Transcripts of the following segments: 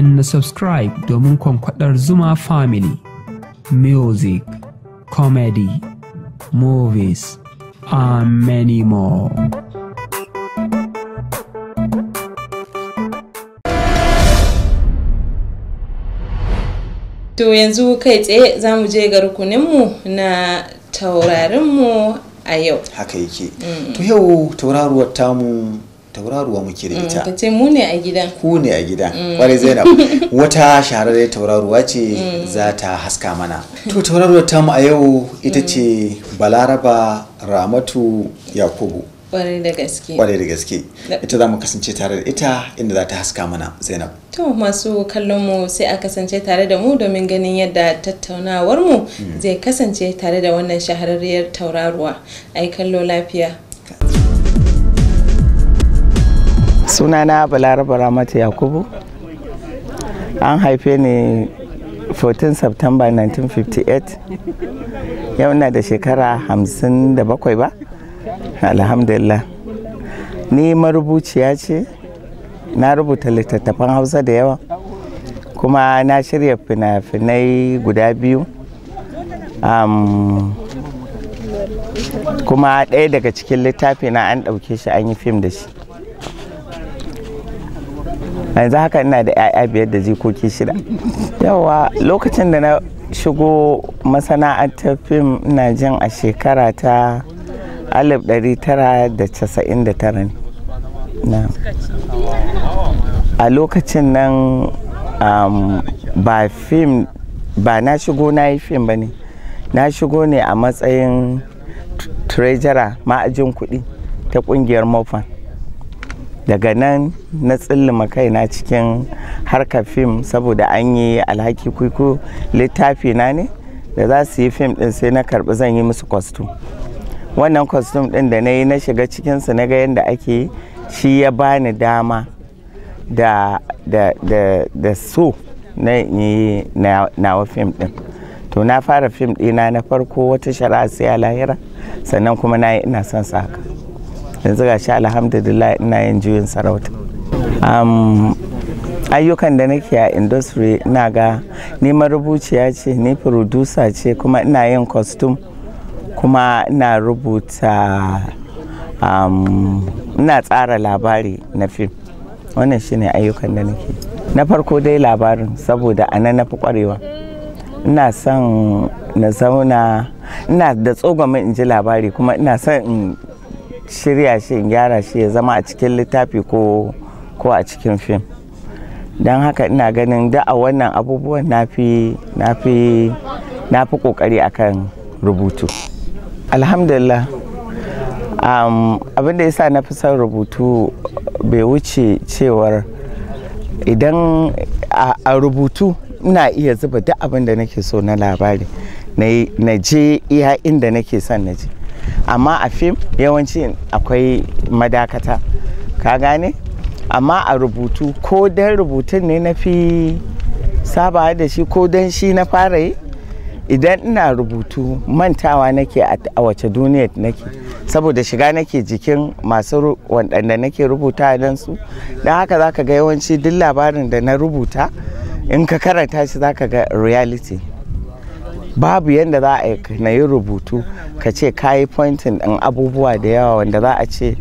na subscribe domin kwankwadar Zuma Family. Music, comedy, movies, and many more. To yanzu kai tsaye za mu je ga rukuninmu na taurarinmu a yau. Haka yake. Mm. To yau tauraruwar tamu tauraruwa muke da mm, ita ta ce mu ne a gidan ku ne a gidan mm. kwarai zainab wata shahararriyar tauraruwa ce mm. za ta haska mana to tauraruwar tamu a yau ita ce balaraba ramatu yakubu kwarai da gaske kwarai da gaske ita za mu kasance tare da ita inda za ta haska mana zainab to masu kallon mu sai a kasance tare da mu domin ganin yadda tattaunawar mu zai kasance tare da wannan shahararriyar tauraruwa ai kallo lafiya sunana balaraba ramata yakubu an haife ni 14 september 1958 yau na da shekara 57 ba alhamdulillah ni marubuciya ce na rubuta littattafan hausa da yawa kuma na shirya fina-finai guda biyu um, kuma ɗaya daga cikin littafi na an ɗauke shi an yi fim da shi yanzu haka ina da 'ya'ya biyar da jikoki shida yawa lokacin da na shigo masana'antar fim ina jin a shekara ta 1999 ne a lokacin nan ba fim ba na shigo na yi fim ba ne na shigo ne a matsayin treasurer ma'ajin kudi ta kungiyar mofan daga nan na tsillima kaina cikin harkar fim saboda an yi alhaki kuiku littafi na ne da za su yi fim din sai na karbi zan yi musu kwastum wannan kwastum din da na yi na shiga cikinsu na ga yadda ake yi shi ya bani dama da, da, da, so na yi nawa fim din to na fara fim dina na farko wata shari'a sai a lahira sannan kuma na yi ina son sa haka yanzu ga shi alhamdulillah ina yin juyin sarauta ayyukan da nake a industry ina ga ni marubuciya ce ni producer ce kuma ina yin costume kuma ina rubuta ina tsara labari na fim wannan shine ayyukan da nake na farko dai labarin saboda ana na fi kwarewa ina son na zauna ina da tsogama in ji labari kuma ina son in shirya shi in gyara shi ya zama a cikin littafi ko ko a cikin fim don haka ina ganin da a wannan abubuwan na fi kokari akan rubutu alhamdulillah um, abin da yasa na fi son rubutu bai wuce cewar idan a, a rubutu ina iya zuba duk abin da nake so na labari na je iya inda nake son na je amma a fim yawanci akwai madakata ka gane amma a rubutu ko dan rubutun ne na fi saba da shi ko dan shi na fara yi idan ina rubutu mantawa nake a wace duniya nake saboda shiga nake jikin masu wadanda nake rubuta don su don haka za ka ga yawanci duk labarin da na rubuta in ka karanta shi za ka ga reality babu yadda za a na yi rubutu ka ce ka yi pointing ɗin abubuwa da yawa wanda za a ce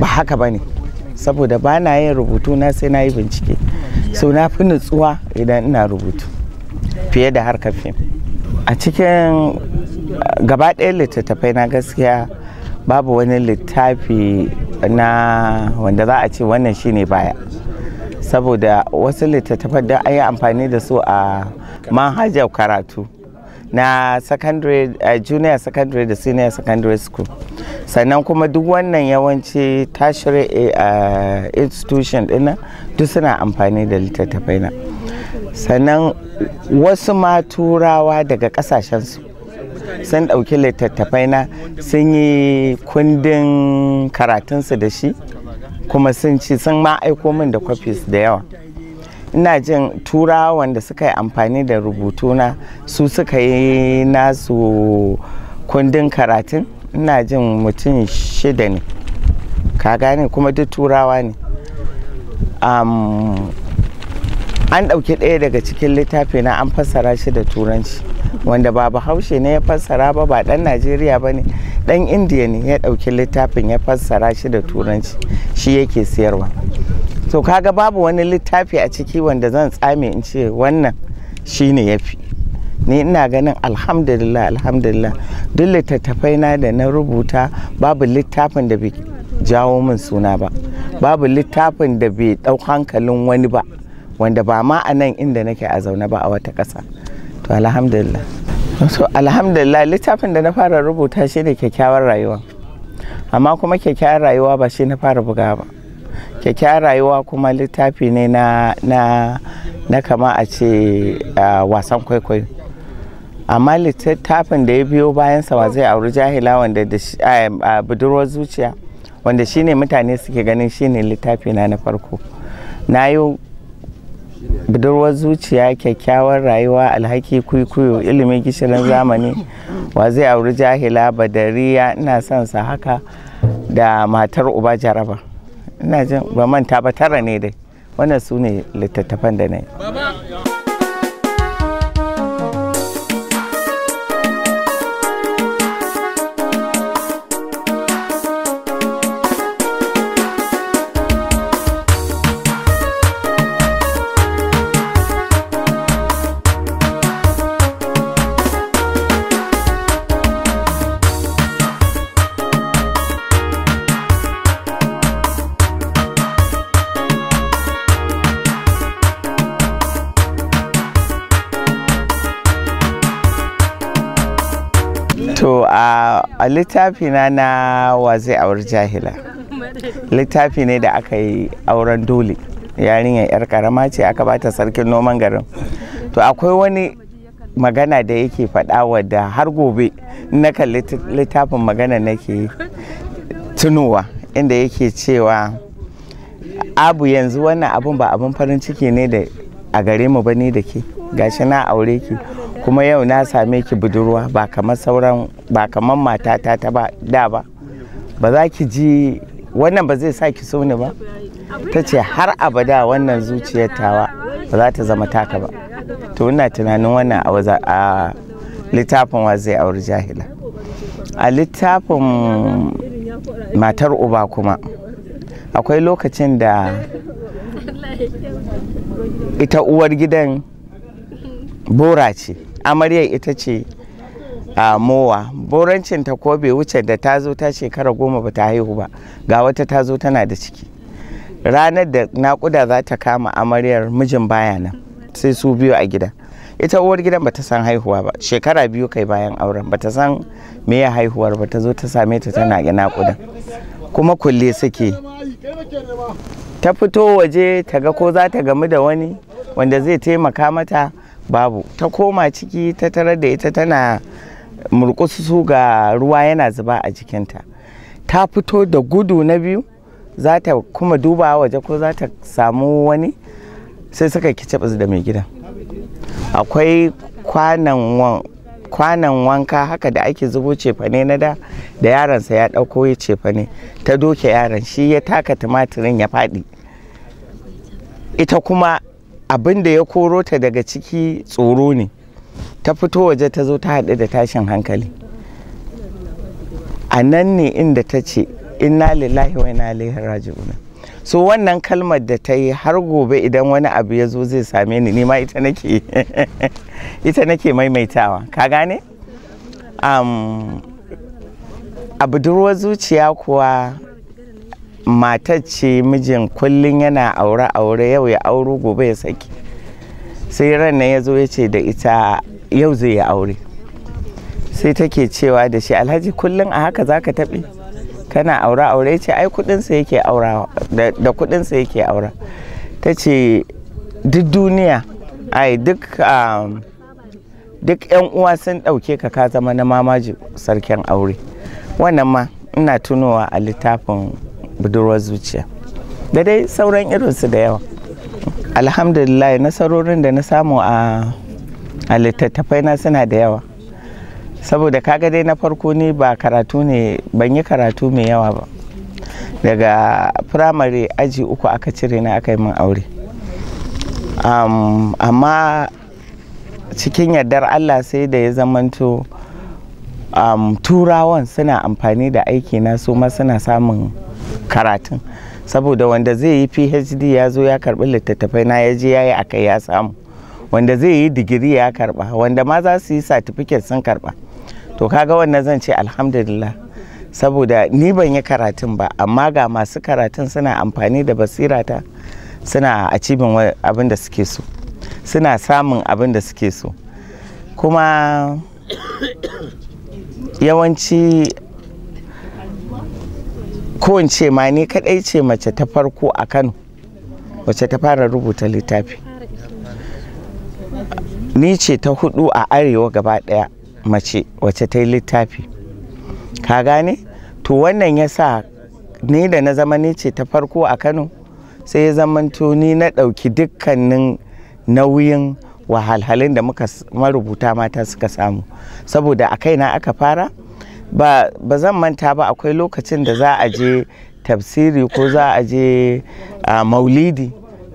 ba haka ba ne saboda ba na yin rubutu na sai na yi bincike so na fi nutsuwa idan ina rubutu fiye da harkar fim a cikin gaba ɗaya littattafai na gaskiya babu wani littafi na wanda za a ce wannan shine baya saboda wasu littattafai da an yi amfani da su a manhajar karatu na secondary uh, junior secondary da senior secondary school sannan kuma duk wannan yawanci tertiary uh, institution ɗina duk suna amfani da littattafai na sannan wasu ma turawa daga ƙasashensu sun ɗauki littattafai na sun yi kundin karatunsu da shi kuma sun ci sun ma aiko min da kwafis da yawa ina jin turawa wanda suka yi amfani da rubutuna su suka yi nasu kundin karatun ina jin mutum shida ne ka gane kuma duk turawa ne an ɗauki ɗaya daga cikin littafi na an fassara shi da turanci wanda ba bahaushe ne ya fassara ba ba ɗan najeriya ba ne ɗan indiya ne ya ɗauki littafin ya fassara shi da turanci shi yake siyarwa to kaga babu wani littafi a ciki wanda zan tsame in ce wannan shine yafi fi ni ina ganin alhamdulillah alhamdulillah duk littattafai na da na rubuta babu littafin da bai jawo min suna ba babu littafin da bai dau hankalin wani ba wanda ba ma a nan inda nake a zaune ba a wata ƙasa to alhamdulillah so alhamdulillah littafin da na fara rubuta shi ne kyakkyawar rayuwa amma kuma kyakkyawar rayuwa ba shi na fara buga ba kyakkyawar rayuwa kuma littafi ne na na na kama a ce wasan kwaikwayo amma littafin da ya biyo bayan wa zai auri jahila wanda da budurwar zuciya wanda shine mutane suke ganin shine littafi na na farko na yi budurwar zuciya kyakkyawar rayuwa alhaki kwikwiyo ilimin gishirin zamani wa zai auri jahila badariya ina son sa haka da matar uba jaraba ina jin ba manta ba tara ne dai wannan su ne littattafan da na yi a littafina na wa zai auri jahila littafi ne da aka yi auren dole yarinyar yar karama ce aka bata sarkin noman garin to akwai wani magana da yake faɗa wadda har gobe na kan littafin magana nake tunowa inda yake cewa abu yanzu wannan abun ba abun farin ciki ne da a gare mu ba ne da ke gashi na aure ki kuma yau na same ki budurwa ba kamar sauran ba kamar matata ta ba da ba ba za ki ji wannan ba zai sa ki so ni ba ta ce har abada wannan zuciyar tawa ba za ta zama taka ba to ina tunanin wannan a littafin wa zai auri jahila a littafin matar uba kuma akwai lokacin da ita uwar gidan bora ce amaryar ita ce a mowa burancin ta ko bai wuce da ta zo ta shekara goma ba ta haihu ba ga wata ta zo tana da ciki ranar da nakuda za ta kama amaryar mijin baya nan sai su biyu a gida ita uwar gidan ta san haihuwa ba shekara biyu kai bayan auren ba ta san me ya haihuwar ba ta zo ta same ta tana ga nakuda kuma kulle suke ta fito waje ta ga ko za ta gamu da wani wanda zai taimaka mata babu ta koma ciki ta tarar da ita tana murkusu ga ruwa yana zuba a jikinta ta fito da gudu na biyu za ta kuma duba waje ko za ta samu wani sai suka kicabas da mai gida. akwai kwanan wanka haka da ake zubo cefane na da da yaransa ya ɗauko ya cefane ta doke yaron shi ya taka tumatirin ya faɗi ita kuma abin da ya koro ta daga ciki tsoro ne ta fito waje ta zo ta haɗu da tashin hankali a nan ne inda ta ce inna lillahi wa inna ilaihi raji'un so wannan kalmar da ta yi har gobe idan wani abu ya zo zai same ni nima ita nake ita nake maimaitawa ka gane um, a budurwar zuciya kuwa matar ce mijin kullum yana aure aure yau ya auro gobe ya saki sai ran nan ya zo ya ce da ita yau zai yi aure sai take cewa da shi alhaji kullum a haka zaka taɓe kana aure aure ya ce ai kudinsa yake aura da kudinsa yake aura ta ce duk duniya ai duk um, duk yan uwa sun ɗauke ka ka zama na mamaji sarkin aure wannan ma ina tunowa a littafin budurwar zuciya da dai sauran irinsu da yawa alhamdulillah nasarorin da na samu a littattafai na suna da yawa saboda kaga dai na farko ni ba karatu ne ban yi karatu mai yawa ba daga firamare aji uku aka cire na aka yi min aure amma cikin yardar allah sai da ya zamanto um, turawan suna amfani da aiki na su ma suna samun karatun saboda wanda zai yi phd ya zo ya karbi littattafai na ya je ya yi akai ya samu wanda zai yi digiri ya karba wanda ma za su yi certificate sun karba to kaga wannan zan ce alhamdulillah saboda ni ban yi karatun ba amma ga masu karatun suna amfani da basirata suna a cibin abin da suke so suna samun abin da suke so kuma yawanci ko ce ma ni kadai ce mace ta farko a Kano wacce ta fara rubuta littafi ni ce ta hudu a arewa gaba daya mace wacce ta yi littafi ka gane to wannan ya sa ni da na zama ni ce ta farko a kano sai ya zama ni na ɗauki dukkanin nauyin wahalhalin da muka marubuta mata suka samu saboda a kaina aka fara ba zan manta ba akwai lokacin da za a je tafsiri ko za a je maulidi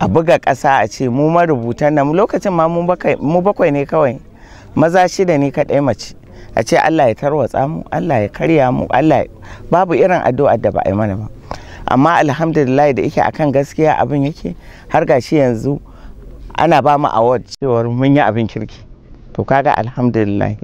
a buga ƙasa a ce mu marubutan nan lokacin ma mu bakwai ne kawai maza shida ne kaɗai mace a ce Allah ya tarwatsa mu Allah ya karya mu Allah babu irin addu'a da ba a yi mana ba amma alhamdulillah da yake akan gaskiya abin yake har gashi yanzu ana ba mu award cewar mun yi abin kirki to kaga alhamdulillah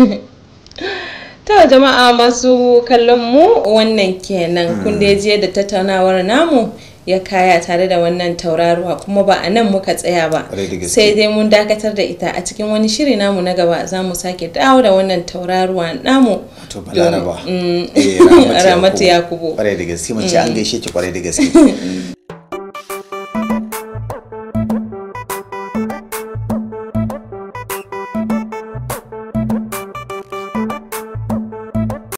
ta jama'a masu kallon mu wannan kenan hmm. kun da je da tattaunawar namu ya kaya tare da wannan tauraruwa kuma ba a nan muka tsaya ba sai dai mun dakatar da ita a cikin wani shiri namu na gaba za mu sake dawo da wannan tauraruwa namu mm, eh, ramatu yakubu kwarai da gaske mace an gaishe ki kwarai da gaske